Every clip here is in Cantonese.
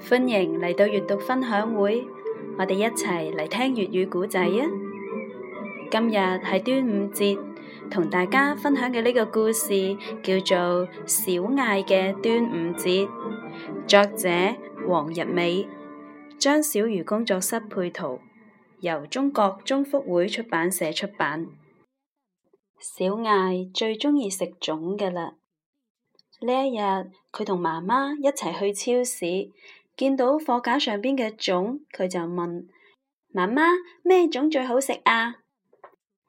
歡迎嚟到閱讀分享會，我哋一齊嚟聽粵語古仔啊！今日係端午節，同大家分享嘅呢個故事叫做《小艾嘅端午節》，作者黃日美，張小瑜工作室配圖，由中國中福會出版社出版。小艾最鍾意食粽嘅啦！呢一日佢同媽媽一齊去超市。見到貨架上邊嘅粽，佢就問媽媽：咩粽最好食啊？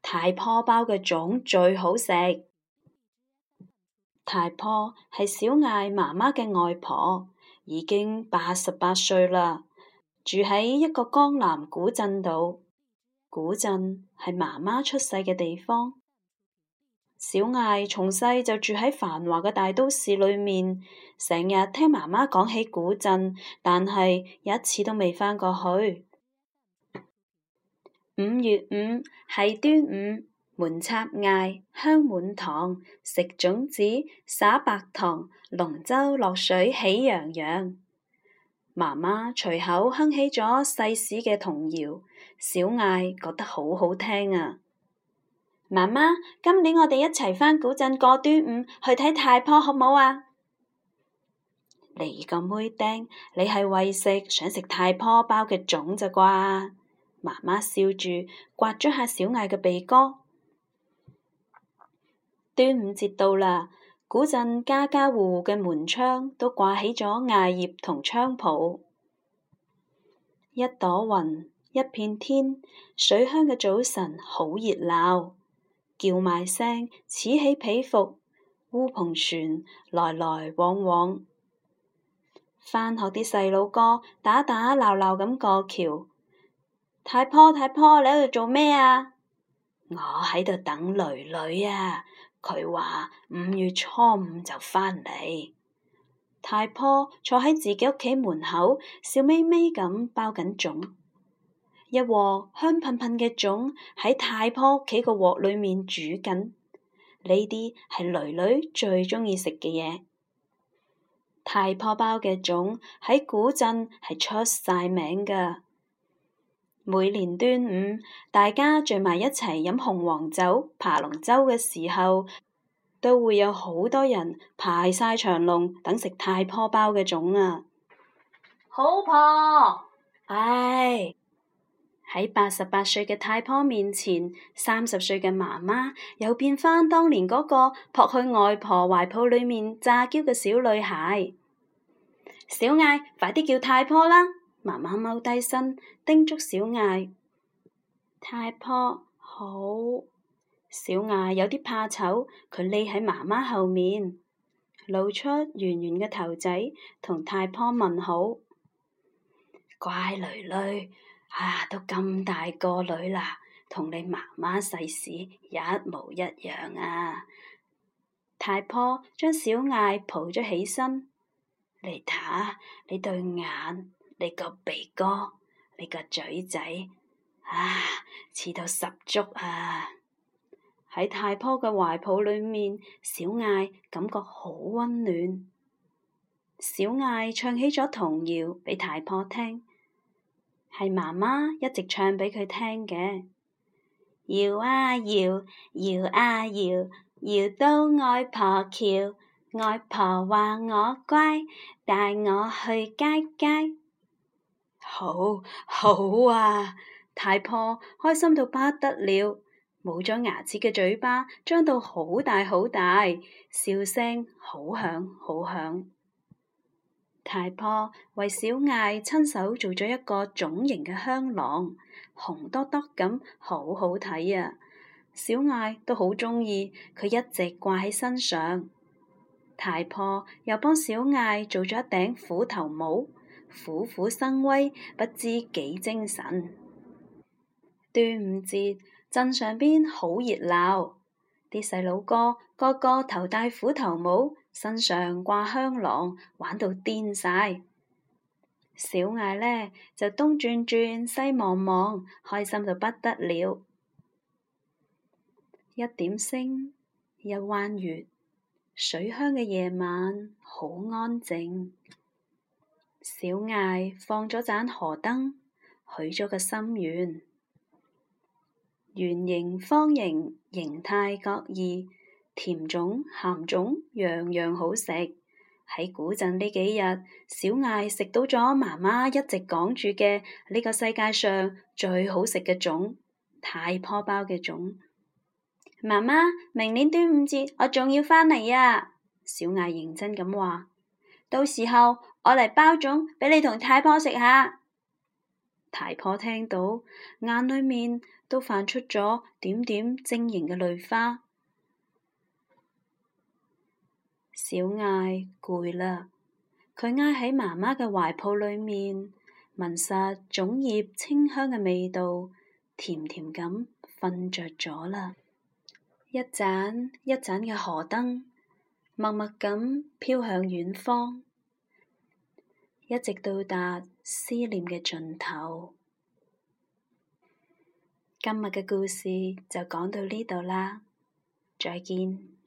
太婆包嘅粽最好食。太婆係小艾媽媽嘅外婆，已經八十八歲啦，住喺一個江南古鎮度。古鎮係媽媽出世嘅地方。小艾從細就住喺繁華嘅大都市裏面，成日聽媽媽講起古鎮，但係一次都未返過去。五月五係端午，門插艾，香滿堂，食粽子，撒白糖，龍舟落水喜洋洋。媽媽隨口哼起咗細時嘅童謠，小艾覺得好好聽啊！媽媽，今年我哋一齊返古鎮過端午，去睇太婆，好唔好啊？你個妹丁，你係為食想食太婆包嘅粽咋啩？媽媽笑住刮咗下小艾嘅鼻哥。端午節到啦，古鎮家家戶戶嘅門窗都掛起咗艾葉同菖蒲，一朵雲，一片天，水鄉嘅早晨好熱鬧。叫賣聲此起彼伏，烏篷船來來往往。返學啲細佬哥打打鬧鬧咁過橋。太婆太婆，你喺度做咩啊？我喺度等囡囡啊，佢話五月初五就返嚟。太婆坐喺自己屋企門口，笑眯眯咁包緊粽。一鑊香噴噴嘅粽喺太婆屋企個鑊裏面煮緊，呢啲係囡囡最鍾意食嘅嘢。太婆包嘅粽喺古鎮係出晒名噶，每年端午大家聚埋一齊飲雄黃酒、扒龍舟嘅時候，都會有好多人排晒長龍等食太婆包嘅粽啊！好婆，唉、哎、～喺八十八歲嘅太婆面前，三十歲嘅媽媽又變返當年嗰個撲去外婆懷抱裏面詐嬌嘅小女孩。小艾，快啲叫太婆啦！媽媽踎低身叮囑小艾，太婆好。小艾有啲怕醜，佢匿喺媽媽後面，露出圓圓嘅頭仔同太婆問好。乖囡囡。啊！都咁大個女啦，同你媽媽世事一模一樣啊！太婆將小艾抱咗起身。嚟睇下你對眼，你個鼻哥，你個嘴仔，啊，似到十足啊！喺太婆嘅懷抱裏面，小艾感覺好溫暖。小艾唱起咗童謠俾太婆聽。係媽媽一直唱畀佢聽嘅，搖啊搖，搖啊搖，搖到外婆橋，外婆話我乖，帶我去街街，好，好啊！太婆開心到不得了，冇咗牙齒嘅嘴巴張到好大好大，笑聲好響好響。太婆為小艾親手做咗一個粽形嘅香囊，紅嘟嘟咁，好好睇啊！小艾都好鍾意，佢一直掛喺身上。太婆又幫小艾做咗一頂虎頭帽，虎虎生威，不知幾精神。端午節，鎮上邊好熱鬧。啲細佬哥個個頭戴虎頭帽，身上掛香囊，玩到癲晒。小艾呢就東轉轉、西望望，開心到不得了。一點星，一彎月，水鄉嘅夜晚好安靜。小艾放咗盞河燈，許咗個心願。圓形、方形，形態各異，甜粽、鹹粽，樣樣好食。喺古鎮呢幾日，小艾食到咗媽媽一直講住嘅呢個世界上最好食嘅粽，太婆包嘅粽。媽媽，明年端午節我仲要返嚟呀！小艾認真咁話，到時候我嚟包粽俾你同太婆食下。太婆聽到眼裏面。都泛出咗點點晶瑩嘅淚花。小艾攰啦，佢挨喺媽媽嘅懷抱裏面，聞晒粽葉清香嘅味道，甜甜咁瞓着咗啦。一盞一盞嘅河燈，默默咁飄向遠方，一直到達思念嘅盡頭。今日嘅故事就講到呢度啦，再見。